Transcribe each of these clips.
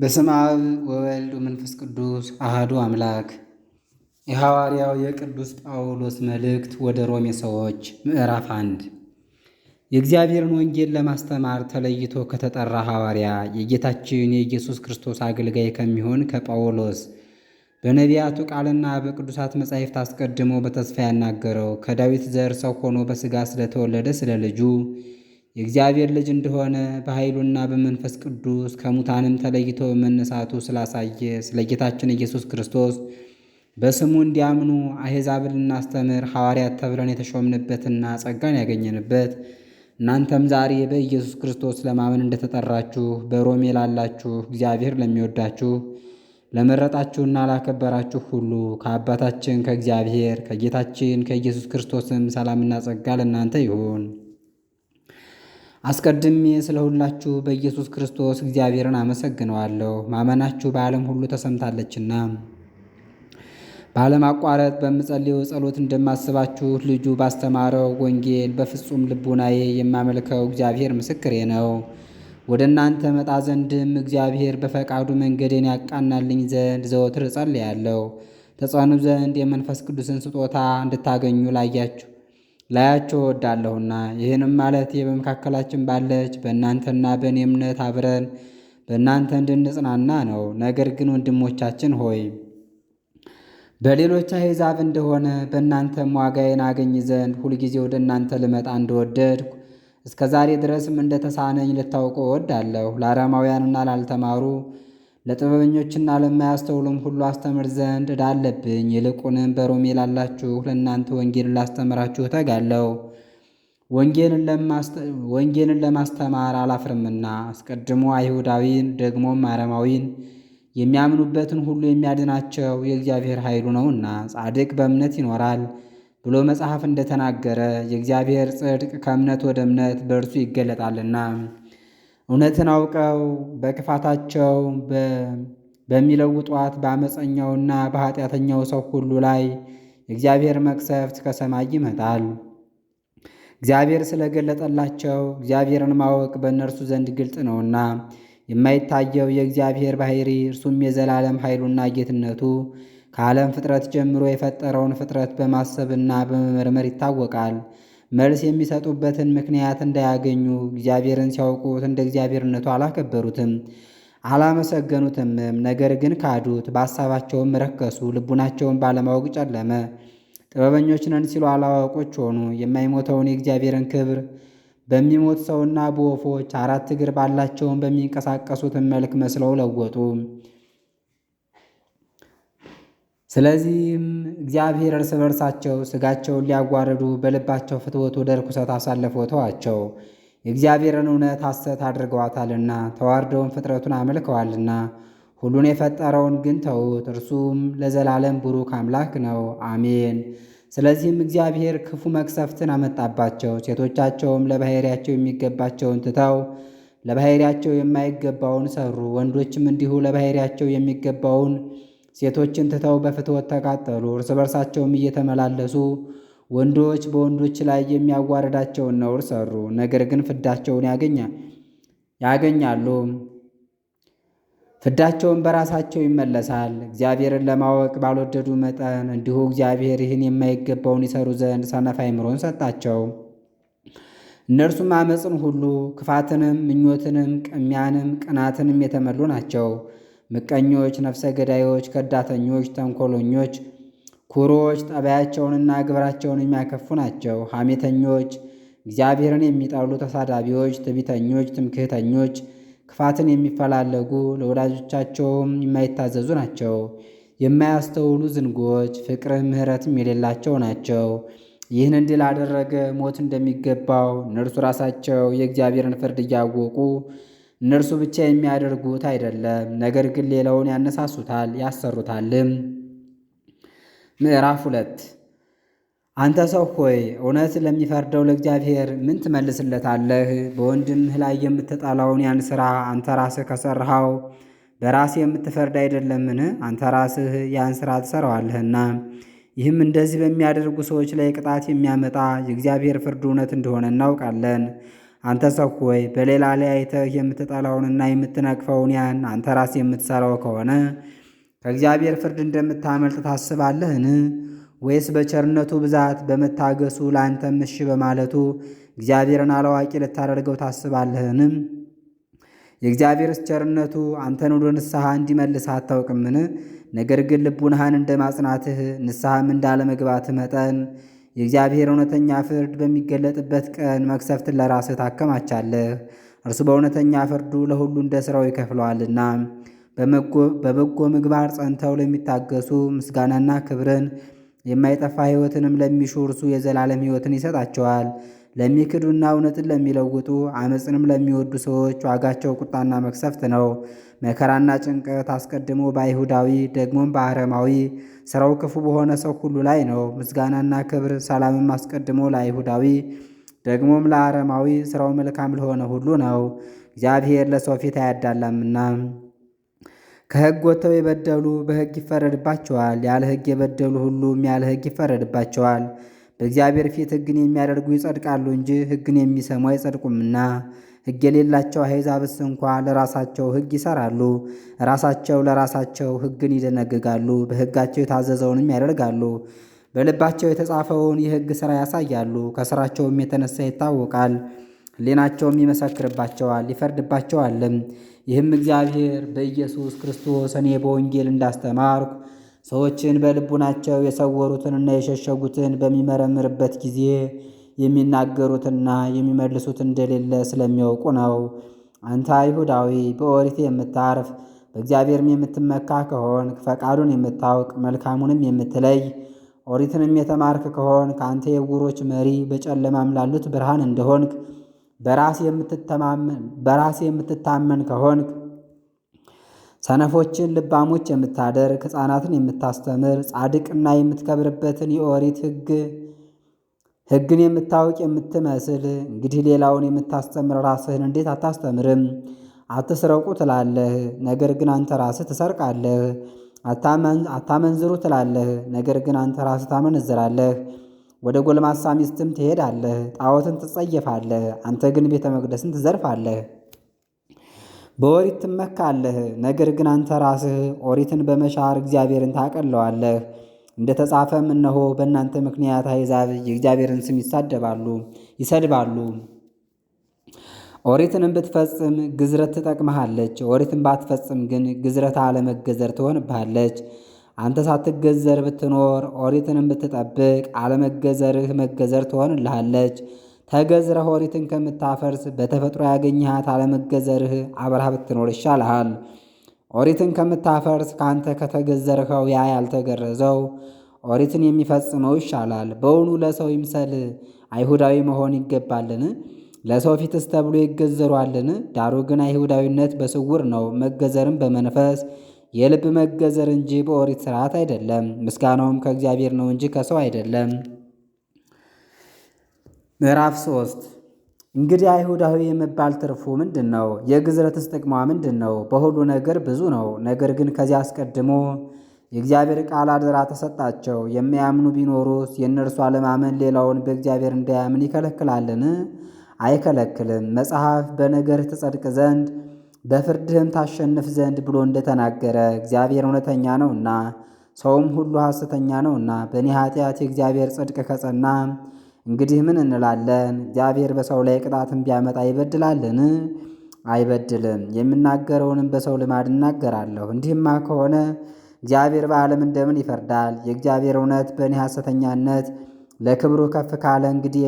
በስም አብ ወወልድ ወመንፈስ ቅዱስ አህዱ አምላክ። የሐዋርያው የቅዱስ ጳውሎስ መልእክት ወደ ሮሜ ሰዎች ምዕራፍ አንድ የእግዚአብሔርን ወንጌል ለማስተማር ተለይቶ ከተጠራ ሐዋርያ የጌታችን የኢየሱስ ክርስቶስ አገልጋይ ከሚሆን ከጳውሎስ በነቢያቱ ቃልና በቅዱሳት መጻሕፍት አስቀድሞ በተስፋ ያናገረው ከዳዊት ዘር ሰው ሆኖ በሥጋ ስለተወለደ ስለ ልጁ የእግዚአብሔር ልጅ እንደሆነ በኃይሉና በመንፈስ ቅዱስ ከሙታንም ተለይቶ በመነሳቱ ስላሳየ ስለ ጌታችን ኢየሱስ ክርስቶስ በስሙ እንዲያምኑ አሕዛብን ልናስተምር ሐዋርያት ተብለን የተሾምንበትና ጸጋን ያገኘንበት እናንተም ዛሬ በኢየሱስ ክርስቶስ ለማመን እንደተጠራችሁ በሮሜ ላላችሁ እግዚአብሔር ለሚወዳችሁ ለመረጣችሁና ላከበራችሁ ሁሉ ከአባታችን ከእግዚአብሔር ከጌታችን ከኢየሱስ ክርስቶስም ሰላምና ጸጋ ለእናንተ ይሁን። አስቀድሜ ስለ ሁላችሁ በኢየሱስ ክርስቶስ እግዚአብሔርን አመሰግነዋለሁ። ማመናችሁ በዓለም ሁሉ ተሰምታለችና ባለማቋረጥ በምጸልየው ጸሎት እንደማስባችሁ ልጁ ባስተማረው ወንጌል በፍጹም ልቡናዬ የማመልከው እግዚአብሔር ምስክሬ ነው። ወደ እናንተ መጣ ዘንድም እግዚአብሔር በፈቃዱ መንገዴን ያቃናልኝ ዘንድ ዘወትር እጸልያለሁ። ተጸኑ ዘንድ የመንፈስ ቅዱስን ስጦታ እንድታገኙ ላያችሁ ላያቸው እወዳለሁና ይህንም ማለት በመካከላችን ባለች በእናንተና በእኔ እምነት አብረን በእናንተ እንድንጽናና ነው። ነገር ግን ወንድሞቻችን ሆይ በሌሎች አሕዛብ እንደሆነ በእናንተም ዋጋዬን አገኝ ዘንድ ሁልጊዜ ወደ እናንተ ልመጣ እንደወደድኩ እስከ ዛሬ ድረስም እንደተሳነኝ ልታውቁ እወዳለሁ። ለአረማውያንና ላልተማሩ ለጥበበኞችና ለማያስተውሉም ሁሉ አስተምር ዘንድ ዕዳ ይልቁንም በሮሜ ላላችሁ ለእናንተ ወንጌል ላስተምራችሁ እተጋለሁ። ወንጌልን ለማስተማር አላፍርምና አስቀድሞ አይሁዳዊን ደግሞም አረማዊን የሚያምኑበትን ሁሉ የሚያድናቸው የእግዚአብሔር ኃይሉ ነውና ጻድቅ በእምነት ይኖራል ብሎ መጽሐፍ እንደተናገረ የእግዚአብሔር ጽድቅ ከእምነት ወደ እምነት በእርሱ ይገለጣልና። እውነትን አውቀው በክፋታቸው በሚለውጧት በአመፀኛውና በኃጢአተኛው ሰው ሁሉ ላይ የእግዚአብሔር መቅሰፍት ከሰማይ ይመጣል። እግዚአብሔር ስለገለጠላቸው እግዚአብሔርን ማወቅ በእነርሱ ዘንድ ግልጥ ነውና የማይታየው የእግዚአብሔር ባሕሪ እርሱም የዘላለም ኃይሉና ጌትነቱ ከዓለም ፍጥረት ጀምሮ የፈጠረውን ፍጥረት በማሰብና በመመርመር ይታወቃል። መልስ የሚሰጡበትን ምክንያት እንዳያገኙ እግዚአብሔርን ሲያውቁት እንደ እግዚአብሔርነቱ አላከበሩትም፣ አላመሰገኑትም ነገር ግን ካዱት፣ በሐሳባቸውም ረከሱ። ልቡናቸውን ባለማወቅ ጨለመ። ጥበበኞች ነን ሲሉ አላዋቆች ሆኑ። የማይሞተውን የእግዚአብሔርን ክብር በሚሞት ሰውና በወፎች አራት እግር ባላቸውን በሚንቀሳቀሱትን መልክ መስለው ለወጡ። ስለዚህም እግዚአብሔር እርስ በርሳቸው ሥጋቸውን ሊያዋርዱ በልባቸው ፍትወት ወደ ርኩሰት አሳልፎ ተዋቸው። የእግዚአብሔርን እውነት ሐሰት አድርገዋታልና ተዋርደውን ፍጥረቱን አመልከዋልና ሁሉን የፈጠረውን ግን ተውት። እርሱም ለዘላለም ቡሩክ አምላክ ነው፣ አሜን። ስለዚህም እግዚአብሔር ክፉ መቅሰፍትን አመጣባቸው። ሴቶቻቸውም ለባሕርያቸው የሚገባቸውን ትተው ለባሕርያቸው የማይገባውን ሰሩ። ወንዶችም እንዲሁ ለባሕርያቸው የሚገባውን ሴቶችን ትተው በፍትወት ተቃጠሉ። እርስ በርሳቸውም እየተመላለሱ ወንዶች በወንዶች ላይ የሚያዋርዳቸውን ነውር ሰሩ። ነገር ግን ፍዳቸውን ያገኛሉ፣ ፍዳቸውን በራሳቸው ይመለሳል። እግዚአብሔርን ለማወቅ ባልወደዱ መጠን እንዲሁ እግዚአብሔር ይህን የማይገባውን ይሰሩ ዘንድ ሰነፍ አእምሮን ሰጣቸው። እነርሱም አመፅን ሁሉ ክፋትንም፣ ምኞትንም፣ ቅሚያንም፣ ቅናትንም የተመሉ ናቸው። ምቀኞች፣ ነፍሰ ገዳዮች፣ ከዳተኞች፣ ተንኮሎኞች፣ ኩሮዎች፣ ጠባያቸውንና ግብራቸውን የሚያከፉ ናቸው። ሐሜተኞች፣ እግዚአብሔርን የሚጠሉ ተሳዳቢዎች፣ ትቢተኞች፣ ትምክህተኞች፣ ክፋትን የሚፈላለጉ ለወዳጆቻቸውም የማይታዘዙ ናቸው። የማያስተውሉ ዝንጎች፣ ፍቅር ምሕረትም የሌላቸው ናቸው። ይህን እንዲህ ሞት እንደሚገባው እነርሱ ራሳቸው የእግዚአብሔርን ፍርድ እያወቁ እነርሱ ብቻ የሚያደርጉት አይደለም፣ ነገር ግን ሌላውን ያነሳሱታል ያሰሩታልም። ምዕራፍ ሁለት አንተ ሰው ሆይ እውነት ለሚፈርደው ለእግዚአብሔር ምን ትመልስለታለህ? በወንድምህ ላይ የምትጠላውን ያን ሥራ አንተ ራስህ ከሠራኸው በራስህ የምትፈርድ አይደለምን? አንተ ራስህ ያን ሥራ ትሠራዋለህና። ይህም እንደዚህ በሚያደርጉ ሰዎች ላይ ቅጣት የሚያመጣ የእግዚአብሔር ፍርድ እውነት እንደሆነ እናውቃለን። አንተ ሰው ሆይ በሌላ ላይ አይተህ የምትጠላውንና የምትነቅፈውን ያን አንተ ራስህ የምትሰራው ከሆነ ከእግዚአብሔር ፍርድ እንደምታመልጥ ታስባለህን? ወይስ በቸርነቱ ብዛት በመታገሱ ለአንተም እሺ በማለቱ እግዚአብሔርን አላዋቂ ልታደርገው ታስባለህን የእግዚአብሔርስ ቸርነቱ አንተን ወደ ንስሐ እንዲመልስ አታውቅምን? ነገር ግን ልቡናህን እንደ ማጽናትህ ንስሐም እንዳለመግባትህ መጠን የእግዚአብሔር እውነተኛ ፍርድ በሚገለጥበት ቀን መቅሰፍትን ለራስህ ታከማቻለህ። እርሱ በእውነተኛ ፍርዱ ለሁሉ እንደ ሥራው ይከፍለዋልና በበጎ ምግባር ጸንተው ለሚታገሱ ምስጋናና ክብርን የማይጠፋ ሕይወትንም ለሚሹ እርሱ የዘላለም ሕይወትን ይሰጣቸዋል። ለሚክዱና እውነትን ለሚለውጡ አመፅንም ለሚወዱ ሰዎች ዋጋቸው ቁጣና መቅሰፍት ነው። መከራና ጭንቀት አስቀድሞ በአይሁዳዊ ደግሞም በአረማዊ ስራው ክፉ በሆነ ሰው ሁሉ ላይ ነው። ምስጋናና ክብር ሰላምም አስቀድሞ ለአይሁዳዊ ደግሞም ለአረማዊ ስራው መልካም ለሆነ ሁሉ ነው። እግዚአብሔር ለሰው ፊት አያዳላምና ከሕግ ወጥተው የበደሉ በሕግ ይፈረድባቸዋል። ያለ ሕግ የበደሉ ሁሉም ያለ ሕግ ይፈረድባቸዋል። በእግዚአብሔር ፊት ሕግን የሚያደርጉ ይጸድቃሉ እንጂ ሕግን የሚሰሙ አይጸድቁምና። ሕግ የሌላቸው አሕዛብስ እንኳ ለራሳቸው ሕግ ይሰራሉ፣ ራሳቸው ለራሳቸው ሕግን ይደነግጋሉ፣ በሕጋቸው የታዘዘውንም ያደርጋሉ። በልባቸው የተጻፈውን የሕግ ሥራ ያሳያሉ፣ ከሥራቸውም የተነሳ ይታወቃል። ሕሊናቸውም ይመሰክርባቸዋል፣ ይፈርድባቸዋልም። ይህም እግዚአብሔር በኢየሱስ ክርስቶስ እኔ በወንጌል እንዳስተማርኩ ሰዎችን በልቡናቸው የሰወሩትንና የሸሸጉትን በሚመረምርበት ጊዜ የሚናገሩትና የሚመልሱት እንደሌለ ስለሚያውቁ ነው። አንተ አይሁዳዊ በኦሪት የምታርፍ በእግዚአብሔርም የምትመካ ከሆንክ ፈቃዱን የምታውቅ መልካሙንም የምትለይ ኦሪትንም የተማርክ ከሆን አንተ የዕውሮች መሪ በጨለማም ላሉት ብርሃን እንደሆንክ በራስ የምትታመን ከሆንክ ሰነፎችን ልባሞች የምታደርግ ሕፃናትን የምታስተምር ጻድቅና የምትከብርበትን የኦሪት ሕግ ሕግን የምታውቅ የምትመስል እንግዲህ ሌላውን የምታስተምር ራስህን እንዴት አታስተምርም? አትስረቁ ትላለህ፣ ነገር ግን አንተ ራስህ ትሰርቃለህ። አታመንዝሩ ትላለህ፣ ነገር ግን አንተ ራስህ ታመነዝራለህ። ወደ ጎልማሳ ሚስትም ትሄዳለህ፣ ጣዖትን ትጸየፋለህ፣ አንተ ግን ቤተ መቅደስን ትዘርፋለህ። በኦሪት ትመካለህ፣ ነገር ግን አንተ ራስህ ኦሪትን በመሻር እግዚአብሔርን ታቀለዋለህ። እንደ ተጻፈም እነሆ በእናንተ ምክንያት አሕዛብ የእግዚአብሔርን ስም ይሳደባሉ ይሰድባሉ። ኦሪትንም ብትፈጽም ግዝረት ትጠቅመሃለች። ኦሪትን ባትፈጽም ግን ግዝረት አለመገዘር ትሆንብሃለች። አንተ ሳትገዘር ብትኖር ኦሪትንም ብትጠብቅ አለመገዘርህ መገዘር ትሆንልሃለች። ተገዝረ ኦሪትን ከምታፈርስ በተፈጥሮ ያገኘሃት አለመገዘርህ አብርሃ ብትኖር ይሻልሃል። ኦሪትን ከምታፈርስ ከአንተ ከተገዘርኸው ያ ያልተገረዘው ኦሪትን የሚፈጽመው ይሻላል። በውኑ ለሰው ይምሰል አይሁዳዊ መሆን ይገባልን? ለሰው ፊትስ ተብሎ ይገዘሯልን? ዳሩ ግን አይሁዳዊነት በስውር ነው፣ መገዘርም በመንፈስ የልብ መገዘር እንጂ በኦሪት ስርዓት አይደለም። ምስጋናውም ከእግዚአብሔር ነው እንጂ ከሰው አይደለም። ምዕራፍ 3 እንግዲህ አይሁዳዊ የመባል ትርፉ ምንድን ነው? የግዝረትስ ጥቅሟ ምንድን ነው? በሁሉ ነገር ብዙ ነው። ነገር ግን ከዚያ አስቀድሞ የእግዚአብሔር ቃል አደራ ተሰጣቸው። የሚያምኑ ቢኖሩስ የእነርሱ አለማመን ሌላውን በእግዚአብሔር እንዳያምን ይከለክላልን? አይከለክልም። መጽሐፍ በነገር ትጸድቅ ዘንድ በፍርድህም ታሸንፍ ዘንድ ብሎ እንደተናገረ እግዚአብሔር እውነተኛ ነውና ሰውም ሁሉ ሐሰተኛ ነውና በእኔ ኃጢአት የእግዚአብሔር ጽድቅ ከጸና እንግዲህ ምን እንላለን? እግዚአብሔር በሰው ላይ ቅጣትን ቢያመጣ ይበድላልን? አይበድልም። የምናገረውንም በሰው ልማድ እናገራለሁ። እንዲህማ ከሆነ እግዚአብሔር በዓለም እንደምን ይፈርዳል? የእግዚአብሔር እውነት በእኔ ሐሰተኛነት ለክብሩ ከፍ ካለ እንግዲህ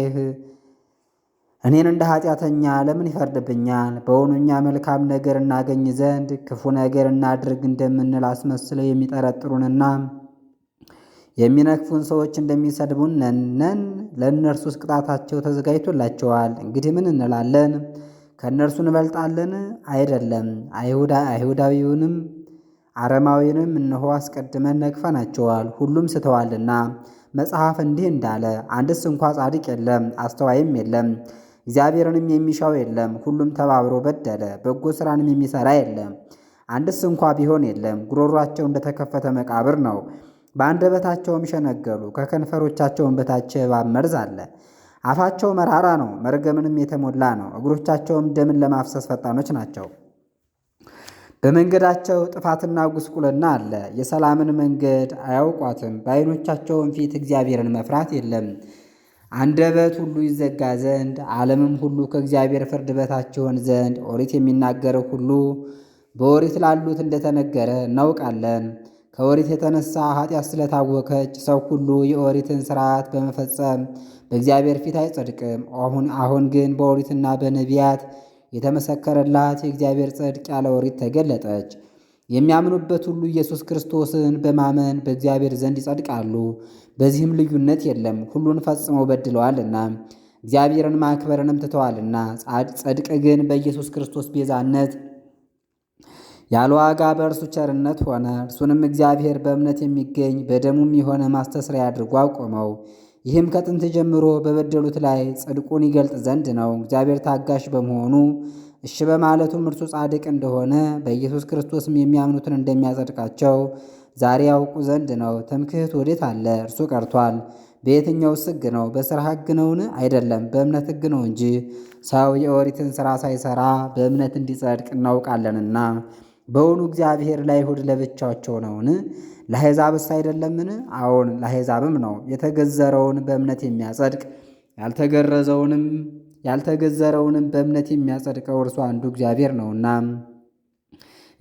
እኔን እንደ ኃጢአተኛ ለምን ይፈርድብኛል? በውኑ እኛ መልካም ነገር እናገኝ ዘንድ ክፉ ነገር እናድርግ እንደምንል አስመስለው የሚጠረጥሩንና የሚነክፉን ሰዎች እንደሚሰድቡን ነን፣ ለእነርሱስ ቅጣታቸው ተዘጋጅቶላቸዋል። እንግዲህ ምን እንላለን? ከእነርሱ እንበልጣለን? አይደለም። አይሁዳዊውንም አረማዊንም እነሆ አስቀድመን ነቅፈናቸዋል፣ ሁሉም ስተዋልና። መጽሐፍ እንዲህ እንዳለ አንድስ እንኳ ጻድቅ የለም፣ አስተዋይም የለም፣ እግዚአብሔርንም የሚሻው የለም። ሁሉም ተባብሮ በደለ፣ በጎ ሥራንም የሚሠራ የለም፣ አንድስ እንኳ ቢሆን የለም። ጉሮሯቸው እንደተከፈተ መቃብር ነው። በአንደበታቸውም ሸነገሉ፣ ከከንፈሮቻቸውም በታች እባብ መርዝ አለ። አፋቸው መራራ ነው፣ መርገምንም የተሞላ ነው። እግሮቻቸውም ደምን ለማፍሰስ ፈጣኖች ናቸው። በመንገዳቸው ጥፋትና ጉስቁልና አለ። የሰላምን መንገድ አያውቋትም። በዓይኖቻቸውም ፊት እግዚአብሔርን መፍራት የለም። አንደበት ሁሉ ይዘጋ ዘንድ ዓለምም ሁሉ ከእግዚአብሔር ፍርድ በታች ይሆን ዘንድ ኦሪት የሚናገረው ሁሉ በኦሪት ላሉት እንደተነገረ እናውቃለን። ከኦሪት የተነሳ ኃጢአት ስለታወከች ሰው ሁሉ የኦሪትን ስርዓት በመፈጸም በእግዚአብሔር ፊት አይጸድቅም። አሁን አሁን ግን በኦሪትና በነቢያት የተመሰከረላት የእግዚአብሔር ጽድቅ ያለ ኦሪት ተገለጠች። የሚያምኑበት ሁሉ ኢየሱስ ክርስቶስን በማመን በእግዚአብሔር ዘንድ ይጸድቃሉ። በዚህም ልዩነት የለም፣ ሁሉን ፈጽመው በድለዋልና እግዚአብሔርን ማክበርንም ትተዋልና። ጽድቅ ግን በኢየሱስ ክርስቶስ ቤዛነት ያለ ዋጋ በእርሱ ቸርነት ሆነ። እርሱንም እግዚአብሔር በእምነት የሚገኝ በደሙም የሆነ ማስተስሪያ አድርጎ አቆመው። ይህም ከጥንት ጀምሮ በበደሉት ላይ ጽድቁን ይገልጥ ዘንድ ነው። እግዚአብሔር ታጋሽ በመሆኑ እሺ በማለቱም እርሱ ጻድቅ እንደሆነ በኢየሱስ ክርስቶስም የሚያምኑትን እንደሚያጸድቃቸው ዛሬ ያውቁ ዘንድ ነው። ትምክህት ወዴት አለ? እርሱ ቀርቷል። በየትኛው ሕግ ነው? በሥራ ሕግ ነውን? አይደለም፣ በእምነት ሕግ ነው እንጂ ሰው የኦሪትን ሥራ ሳይሠራ በእምነት እንዲጸድቅ እናውቃለንና። በውኑ እግዚአብሔር ለአይሁድ ለብቻቸው ነውን? ለአሕዛብስ አይደለምን? አዎን ለአሕዛብም ነው። የተገዘረውን በእምነት የሚያጸድቅ ያልተገረዘውንም ያልተገዘረውንም በእምነት የሚያጸድቀው እርሱ አንዱ እግዚአብሔር ነውና።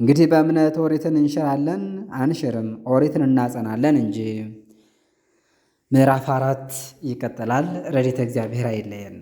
እንግዲህ በእምነት ኦሪትን እንሽራለን አንሽርም፣ ኦሪትን እናጸናለን እንጂ። ምዕራፍ አራት ይቀጥላል። ረድኤተ እግዚአብሔር አይለየን።